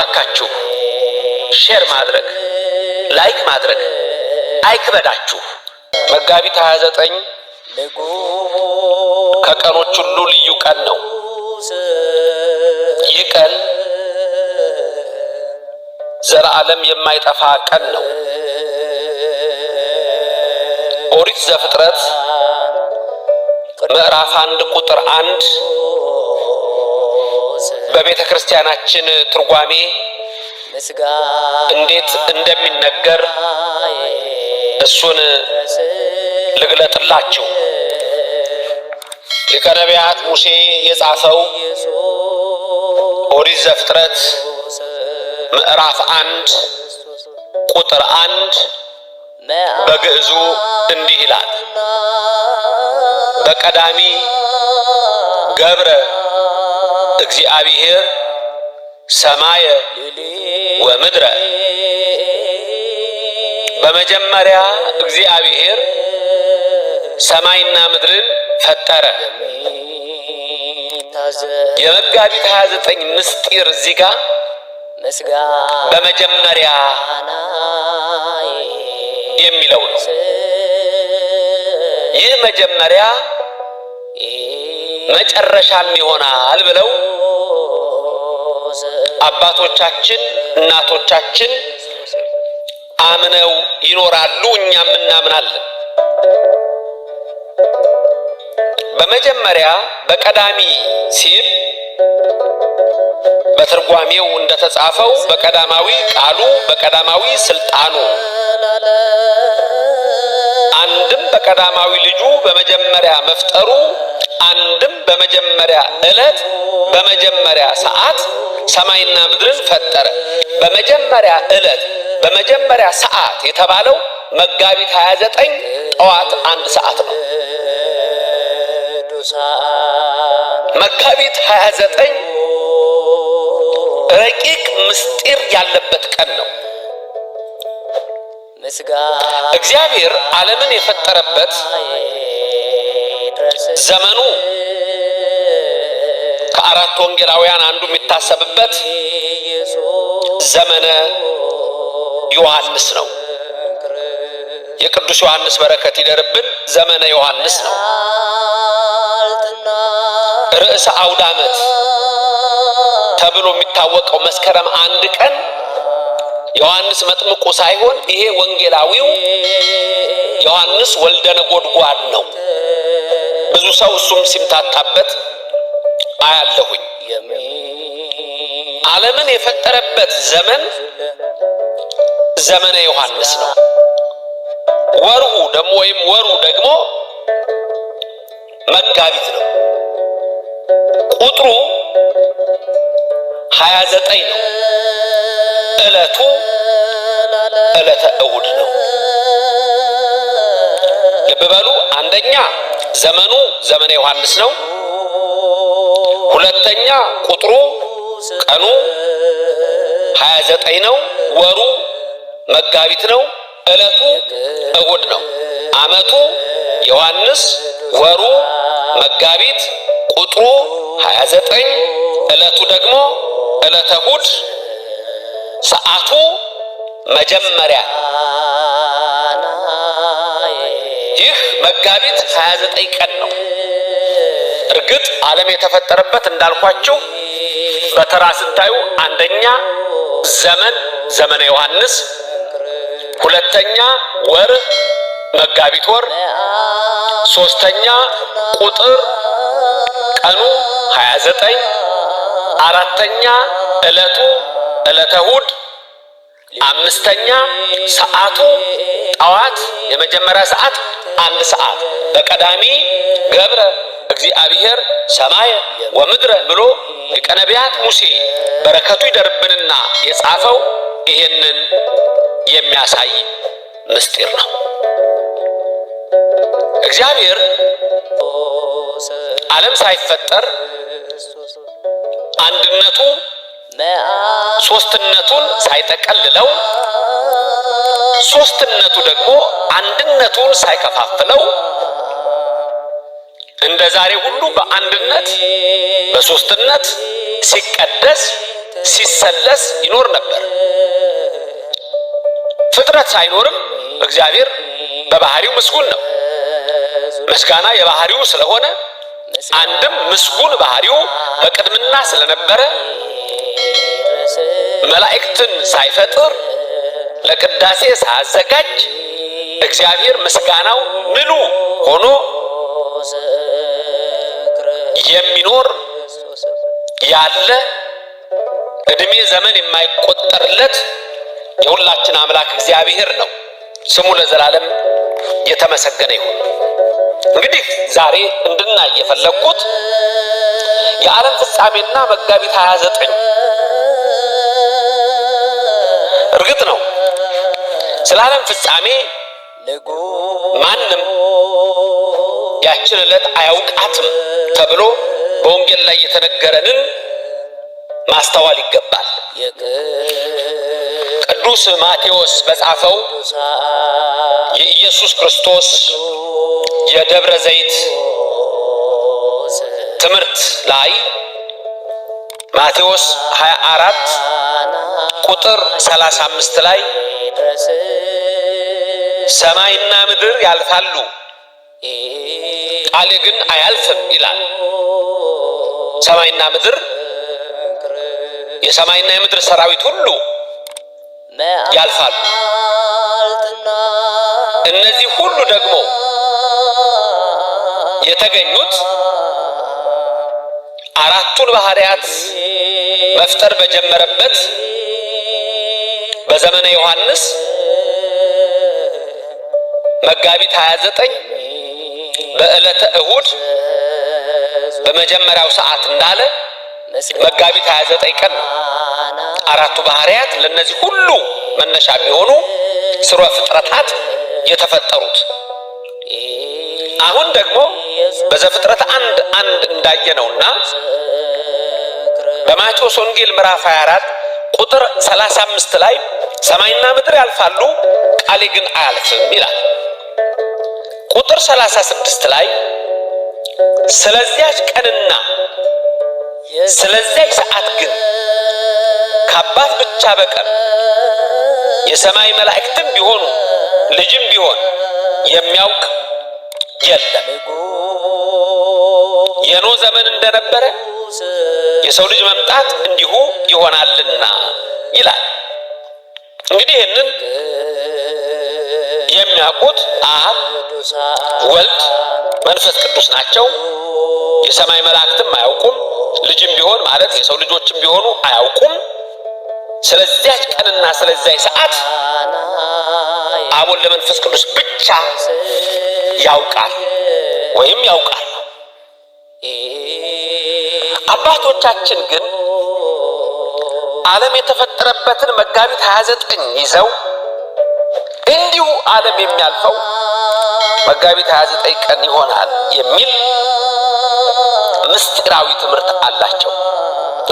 እባካችሁ ሼር ማድረግ ላይክ ማድረግ አይክበዳችሁ። መጋቢት 29 ከቀኖች ሁሉ ልዩ ቀን ነው። ይህ ቀን ዘላለም የማይጠፋ ቀን ነው። ኦሪት ዘፍጥረት ምዕራፍ አንድ ቁጥር አንድ በቤተ ክርስቲያናችን ትርጓሜ እንዴት እንደሚነገር እሱን ልግለጥላችሁ። ሊቀ ነቢያት ሙሴ የጻፈው ኦሪት ዘፍጥረት ምዕራፍ አንድ ቁጥር አንድ በግዕዙ እንዲህ ይላል በቀዳሚ ገብረ እግዚአብሔር ሰማየ ወምድረ በመጀመሪያ እግዚአብሔር ሰማይና ምድርን ፈጠረ። የመጋቢት 29 ምስጢር እዚህ ጋር በመጀመሪያ የሚለው ነው። ይህ መጀመሪያ መጨረሻም ይሆናል ብለው አባቶቻችን እናቶቻችን አምነው ይኖራሉ። እኛም እናምናለን። በመጀመሪያ በቀዳሚ ሲል በትርጓሜው እንደተጻፈው በቀዳማዊ ቃሉ በቀዳማዊ ስልጣኑ አንድም በቀዳማዊ ልጁ በመጀመሪያ መፍጠሩ አንድም በመጀመሪያ ዕለት በመጀመሪያ ሰዓት ሰማይና ምድርን ፈጠረ። በመጀመሪያ ዕለት በመጀመሪያ ሰዓት የተባለው መጋቢት 29 ጠዋት አንድ ሰዓት ነው። መጋቢት 29 ረቂቅ ምስጢር ያለበት ቀን ነው። እግዚአብሔር ዓለምን የፈጠረበት ዘመኑ ከአራት ወንጌላውያን አንዱ የሚታሰብበት ዘመነ ዮሐንስ ነው። የቅዱስ ዮሐንስ በረከት ይደርብን። ዘመነ ዮሐንስ ነው ርዕሰ አውደ ዓመት ተብሎ የሚታወቀው መስከረም አንድ ቀን ዮሐንስ መጥምቁ ሳይሆን ይሄ ወንጌላዊው ዮሐንስ ወልደ ነጎድጓድ ነው። ብዙ ሰው እሱም ሲምታታበት አያለሁኝ። ዓለምን የፈጠረበት ዘመን ዘመነ ዮሐንስ ነው። ወርሁ ደግሞ ወይም ወሩ ደግሞ መጋቢት ነው። ቁጥሩ 29 ነው። እለቱ እለተ እሁድ ነው። ልብ በሉ አንደኛ ዘመኑ ዘመነ ዮሐንስ ነው። ሁለተኛ ቁጥሩ ቀኑ 29 ነው። ወሩ መጋቢት ነው። ዕለቱ እሁድ ነው። ዓመቱ ዮሐንስ፣ ወሩ መጋቢት፣ ቁጥሩ 29፣ ዕለቱ ደግሞ ዕለተ እሁድ፣ ሰዓቱ መጀመሪያ መጋቢት 29 ቀን ነው። እርግጥ ዓለም የተፈጠረበት እንዳልኳቸው በተራ ስታዩ አንደኛ ዘመን ዘመነ ዮሐንስ፣ ሁለተኛ ወር መጋቢት ወር፣ ሶስተኛ ቁጥር ቀኑ 29፣ አራተኛ ዕለቱ ዕለተ እሑድ፣ አምስተኛ ሰዓቱ ጠዋት የመጀመሪያ ሰዓት አንድ ሰዓት በቀዳሚ ገብረ እግዚአብሔር ሰማየ ወምድረ ብሎ የቀነቢያት ሙሴ በረከቱ ይደርብንና የጻፈው ይሄንን የሚያሳይ ምስጢር ነው። እግዚአብሔር ዓለም ሳይፈጠር አንድነቱ ሶስትነቱን ሳይጠቀልለው ሶስትነቱ ደግሞ አንድነቱን ሳይከፋፍለው እንደ ዛሬ ሁሉ በአንድነት በሶስትነት ሲቀደስ ሲሰለስ ይኖር ነበር። ፍጥረት ሳይኖርም እግዚአብሔር በባህሪው ምስጉን ነው። ምስጋና የባህሪው ስለሆነ አንድም ምስጉን ባህሪው በቅድምና ስለነበረ መላእክትን ሳይፈጥር ለቅዳሴ ሳዘጋጅ እግዚአብሔር ምስጋናው ምኑ ሆኖ የሚኖር ያለ እድሜ ዘመን የማይቆጠርለት የሁላችን አምላክ እግዚአብሔር ነው። ስሙ ለዘላለም የተመሰገነ ይሁን። እንግዲህ ዛሬ እንድናይ የፈለግኩት የዓለም ፍጻሜና መጋቢት 29 ስለ ዓለም ፍጻሜ ማንም ያችን ዕለት አያውቃትም ተብሎ በወንጌል ላይ የተነገረንን ማስተዋል ይገባል። ቅዱስ ማቴዎስ በጻፈው የኢየሱስ ክርስቶስ የደብረ ዘይት ትምህርት ላይ ማቴዎስ 24 ቁጥር 35 ላይ ሰማይና ምድር ያልፋሉ ቃል ግን አያልፍም ይላል። ሰማይና ምድር የሰማይና የምድር ሰራዊት ሁሉ ያልፋሉ። እነዚህ ሁሉ ደግሞ የተገኙት አራቱን ባህሪያት መፍጠር በጀመረበት በዘመነ ዮሐንስ መጋቢት 29 በዕለተ እሁድ በመጀመሪያው ሰዓት እንዳለ መጋቢት 29 ቀን አራቱ ባህሪያት ለነዚህ ሁሉ መነሻ የሚሆኑ ስርወ ፍጥረታት የተፈጠሩት። አሁን ደግሞ በዘፍጥረት አንድ አንድ እንዳየነውና በማቴዎስ ወንጌል ምዕራፍ 24 ቁጥር 35 ላይ ሰማይና ምድር ያልፋሉ ቃሌ ግን አያልፍም ይላል። ቁጥር 36 ላይ ስለዚያች ቀንና ስለዚያች ሰዓት ግን ከአባት ብቻ በቀር የሰማይ መላእክትም ቢሆኑ ልጅም ቢሆን የሚያውቅ የለም። የኖ ዘመን እንደነበረ የሰው ልጅ መምጣት እንዲሁ ይሆናልና ይላል። እንግዲህ ይህንን የሚያውቁት አብ፣ ወልድ፣ መንፈስ ቅዱስ ናቸው። የሰማይ መላእክትም አያውቁም። ልጅም ቢሆን ማለት የሰው ልጆችም ቢሆኑ አያውቁም። ስለዚያች ቀንና ስለዚያች ሰዓት አብ፣ ለመንፈስ መንፈስ ቅዱስ ብቻ ያውቃል ወይም ያውቃል። አባቶቻችን ግን ዓለም የተፈጠረበትን መጋቢት 29 ይዘው ከዚሁ ዓለም የሚያልፈው መጋቢት 29 ቀን ይሆናል የሚል ምስጢራዊ ትምህርት አላቸው።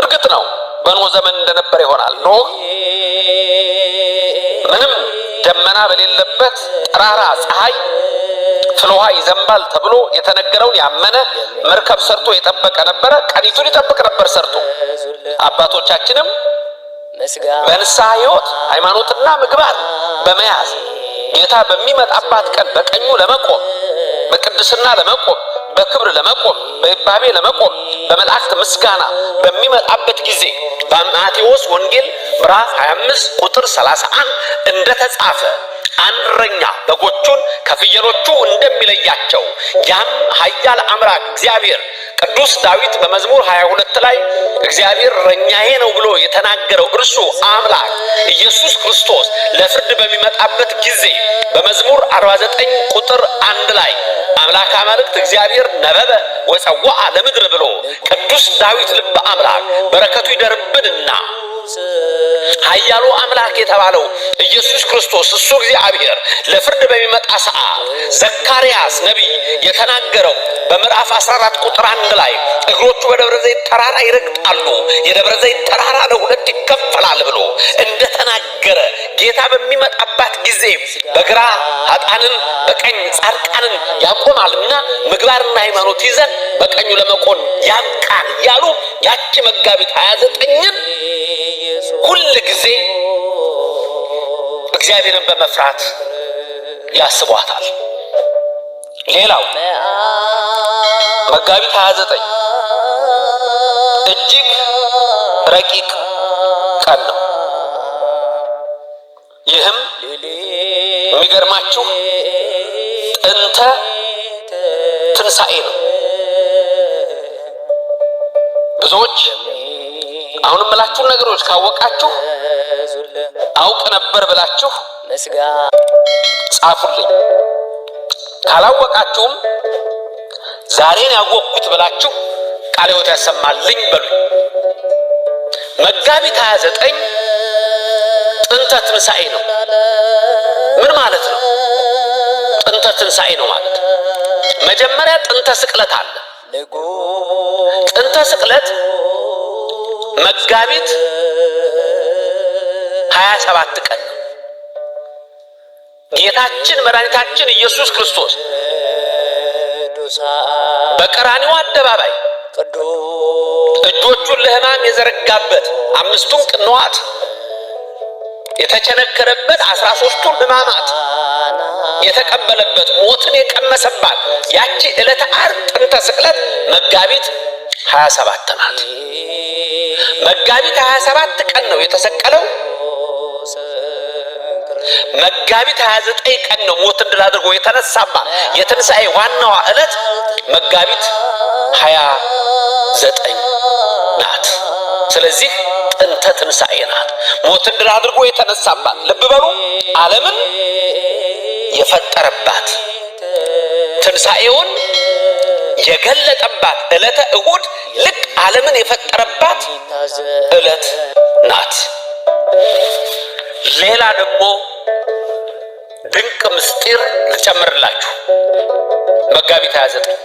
እርግጥ ነው በኖህ ዘመን እንደነበረ ይሆናል። ኖህ ምንም ደመና በሌለበት ጠራራ ፀሐይ ፍልውሃ ይዘንባል ተብሎ የተነገረውን ያመነ መርከብ ሰርቶ የጠበቀ ነበረ። ቀኒቱን ይጠብቅ ነበር ሰርቶ። አባቶቻችንም በንስሐ ሕይወት ሃይማኖትና ምግባር በመያዝ ጌታ በሚመጣባት ቀን በቀኙ ለመቆም በቅድስና ለመቆም በክብር ለመቆም በይባቤ ለመቆም በመላእክት ምስጋና በሚመጣበት ጊዜ በማቴዎስ ወንጌል ምዕራፍ 25 ቁጥር 31 እንደተጻፈ አንድ በጎቹን ከፍየሎቹ እንደሚለያቸው ያም ኃያል አምላክ እግዚአብሔር ቅዱስ ዳዊት በመዝሙር 22 ላይ እግዚአብሔር እረኛዬ ነው ብሎ የተናገረው እርሱ አምላክ ኢየሱስ ክርስቶስ ለፍርድ በሚመጣበት ጊዜ በመዝሙር 49 ቁጥር 1 ላይ አምላክ አማልክት እግዚአብሔር ነበበ ወፀዋአ ለምድር ብሎ ቅዱስ ዳዊት ልበ አምላክ በረከቱ ይደርብንና ኃያሉ አምላክ የተባለው ኢየሱስ ክርስቶስ እሱ እግዚአብሔር ለፍርድ በሚመጣ ሰዓት ዘካርያስ ነቢይ የተናገረው በምዕራፍ 14 ቁጥር አንድ ላይ እግሮቹ በደብረ ዘይት ተራራ ይረግጣሉ፣ የደብረ ዘይት ተራራ ለሁለት ይከፈላል ብሎ እንደተናገረ ጌታ በሚመጣባት ጊዜ በግራ አጣንን በቀኝ ጻድቃንን ያቆማልና ምግባርና ሃይማኖት ይዘን በቀኙ ለመቆን ያብቃን እያሉ ያቺ መጋቢት 29ን ሁል ጊዜ እግዚአብሔርን በመፍራት ያስቧታል። ሌላው መጋቢት 29 እጅግ ረቂቅ ቀን ነው። ይህም የሚገርማችሁ ጥንተ ትንሣኤ ነው። ብዙዎች አሁን የምላችሁን ነገሮች ካወቃችሁ አውቅ ነበር ብላችሁ ጻፉልኝ። ካላወቃችሁም ዛሬን ያወቅኩት ብላችሁ ቃለ ሕይወት ያሰማልኝ በሉ። መጋቢት 29 ጥንተ ትንሣኤ ነው። ምን ማለት ነው? ጥንተ ትንሣኤ ነው ማለት መጀመሪያ ጥንተ ስቅለት አለ። ጥንተ ስቅለት መጋቢት ሀያ ሰባት ቀን ጌታችን መድኃኒታችን ኢየሱስ ክርስቶስ በቀራኒው አደባባይ እጆቹን ለሕማም የዘረጋበት አምስቱን ቅንዋት የተቸነከረበት አስራ ሶስቱን ሕማማት የተቀበለበት ሞትን የቀመሰባት ያቺ ዕለተ ዓርብ ጥንተ ስቅለት መጋቢት ሀያ ሰባት ናት። መጋቢት 27 ቀን ነው የተሰቀለው። መጋቢት 29 ቀን ነው ሞትን ድል አድርጎ የተነሳማ። የትንሣኤ ዋናዋ ዕለት መጋቢት 29 ናት። ስለዚህ ጥንተ ትንሣኤ ናት። ሞትን ድል አድርጎ የተነሳባት፣ ልብ በሉ ዓለምን የፈጠረባት ትንሣኤውን የገለጠባት ዕለተ እሁድ ልክ ዓለምን የፈጠረባት ዕለት ናት። ሌላ ደግሞ ድንቅ ምስጢር ልጨምርላችሁ። መጋቢት 29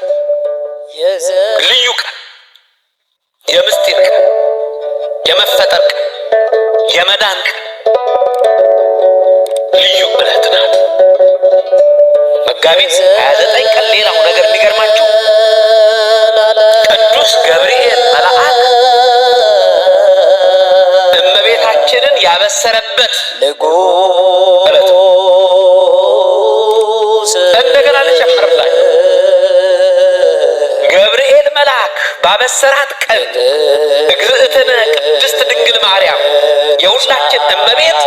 ልዩ ቀን፣ የምስጢር ቀን፣ የመፈጠር ቀን፣ የመዳን ቀን ልዩ ዕለት ናት። መጋቢት 29 ቀን ሌላው ነገር የሚገርማችሁ ቅዱስ ገብርኤል መልአክ እመቤታችንን ያበሰረበት ዕለት እንደገና ልጨምርላችሁ። ገብርኤል መልአክ ባበሰራት ቀን እግዝእትነ ቅድስት ድንግል ማርያም የሁላችን እመቤት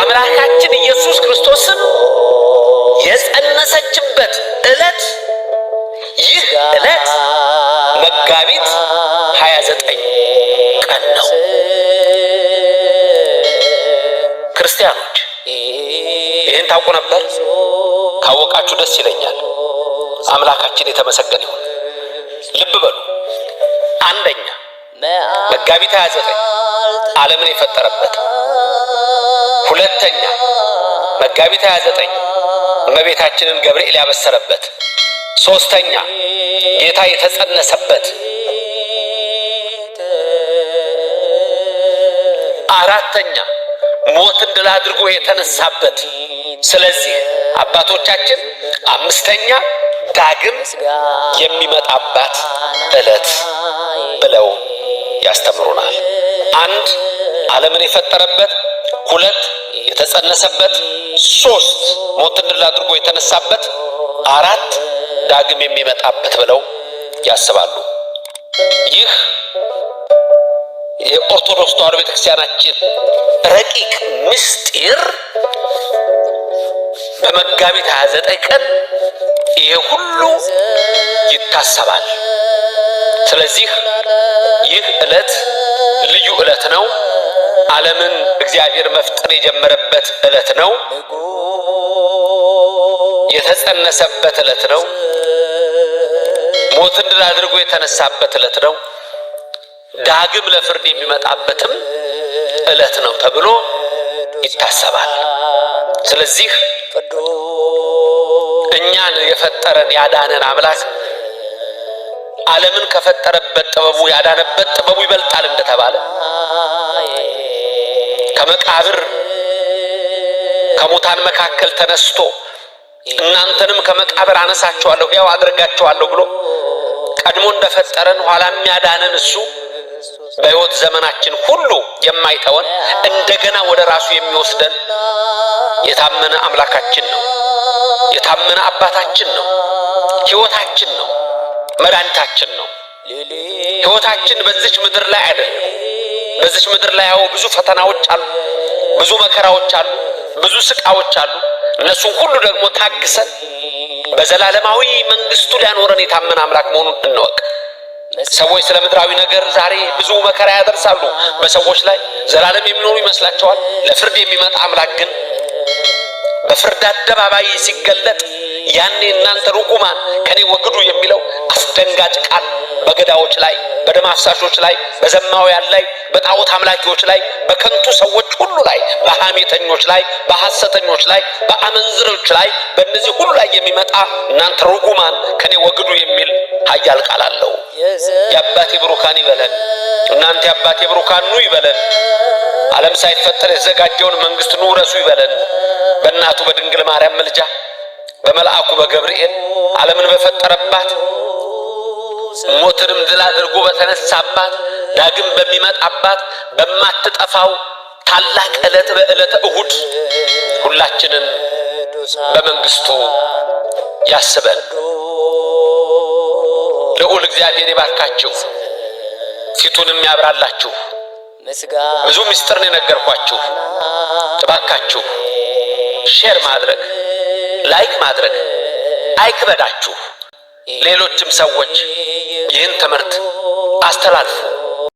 አምላካችን ኢየሱስ ክርስቶስም የጸነሰችበት ዕለት ይህ ዕለት መጋቢት 29 ቀን ነው። ክርስቲያኖች ይህን ታውቁ ነበር? ካወቃችሁ ደስ ይለኛል። አምላካችን የተመሰገነ ይሁን። ልብ በሉ። አንደኛ መጋቢት 29 ዓለምን የፈጠረበት ሁለተኛ መጋቢት 29 እመቤታችንን ገብርኤል ያበሰረበት፣ ሶስተኛ ጌታ የተጸነሰበት፣ አራተኛ ሞትን ድል አድርጎ የተነሳበት። ስለዚህ አባቶቻችን አምስተኛ ዳግም የሚመጣባት ዕለት ብለው ያስተምሩናል። አንድ ዓለምን የፈጠረበት ሁለት የተጸነሰበት፣ ሶስት ሞትን ድል አድርጎ የተነሳበት፣ አራት ዳግም የሚመጣበት ብለው ያስባሉ። ይህ የኦርቶዶክስ ተዋሕዶ ቤተክርስቲያናችን ረቂቅ ምስጢር በመጋቢት 29 ቀን ይሄ ሁሉ ይታሰባል። ስለዚህ ይህ ዕለት ልዩ ዕለት ነው። ዓለምን እግዚአብሔር መፍጠር የጀመረበት ዕለት ነው። የተጸነሰበት ዕለት ነው። ሞትን ድል አድርጎ የተነሳበት ዕለት ነው። ዳግም ለፍርድ የሚመጣበትም ዕለት ነው ተብሎ ይታሰባል። ስለዚህ እኛን የፈጠረን ያዳነን አምላክ ዓለምን ከፈጠረበት ጥበቡ ያዳነበት ጥበቡ ይበልጣል እንደተባለ ከመቃብር ከሙታን መካከል ተነስቶ እናንተንም ከመቃብር አነሳቸዋለሁ ያው አድርጋቸዋለሁ ብሎ ቀድሞ እንደፈጠረን ኋላ የሚያዳነን እሱ በሕይወት ዘመናችን ሁሉ የማይተወን እንደገና ወደ ራሱ የሚወስደን የታመነ አምላካችን ነው። የታመነ አባታችን ነው። ሕይወታችን ነው። መድኃኒታችን ነው። ሕይወታችን በዚች ምድር ላይ አይደለም። በዚች ምድር ላይ ያው ብዙ ፈተናዎች አሉ፣ ብዙ መከራዎች አሉ፣ ብዙ ስቃዎች አሉ። እነሱን ሁሉ ደግሞ ታግሰን በዘላለማዊ መንግስቱ ሊያኖረን የታመን አምላክ መሆኑን እንወቅ። ሰዎች ስለ ምድራዊ ነገር ዛሬ ብዙ መከራ ያደርሳሉ በሰዎች ላይ ዘላለም የሚኖሩ ይመስላቸዋል። ለፍርድ የሚመጣ አምላክ ግን በፍርድ አደባባይ ሲገለጥ ያኔ እናንተ ርጉማን ከኔ ወግዱ የሚለው አስደንጋጭ ቃል በገዳዎች ላይ፣ በደም አፍሳሾች ላይ፣ በዘማውያን ላይ፣ በጣዖት አምላኪዎች ላይ፣ በከንቱ ሰዎች ሁሉ ላይ፣ በሐሜተኞች ላይ፣ በሐሰተኞች ላይ፣ በአመንዝሮች ላይ፣ በእነዚህ ሁሉ ላይ የሚመጣ እናንተ ርጉማን ከኔ ወግዱ የሚል ኃያል ቃል አለው። የአባቴ ብሩካን ይበለን። እናንተ የአባቴ ብሩካን ኑ ይበለን። ዓለም ሳይፈጠር የተዘጋጀውን መንግስት ኑ ረሱ ይበለን። በእናቱ በድንግል ማርያም ምልጃ በመልአኩ በገብርኤል ዓለምን በፈጠረባት ሞትንም ድል አድርጎ በተነሳባት ዳግም በሚመጣባት በማትጠፋው ታላቅ ዕለት በዕለተ እሁድ ሁላችንን በመንግስቱ ያስበን። ልዑል እግዚአብሔር ይባርካችሁ፣ ፊቱንም ያብራላችሁ። ብዙ ምስጢርን የነገርኳችሁ እባካችሁ ሼር ማድረግ ላይክ ማድረግ አይክበዳችሁ። ሌሎችም ሰዎች ይህን ትምህርት አስተላልፉ።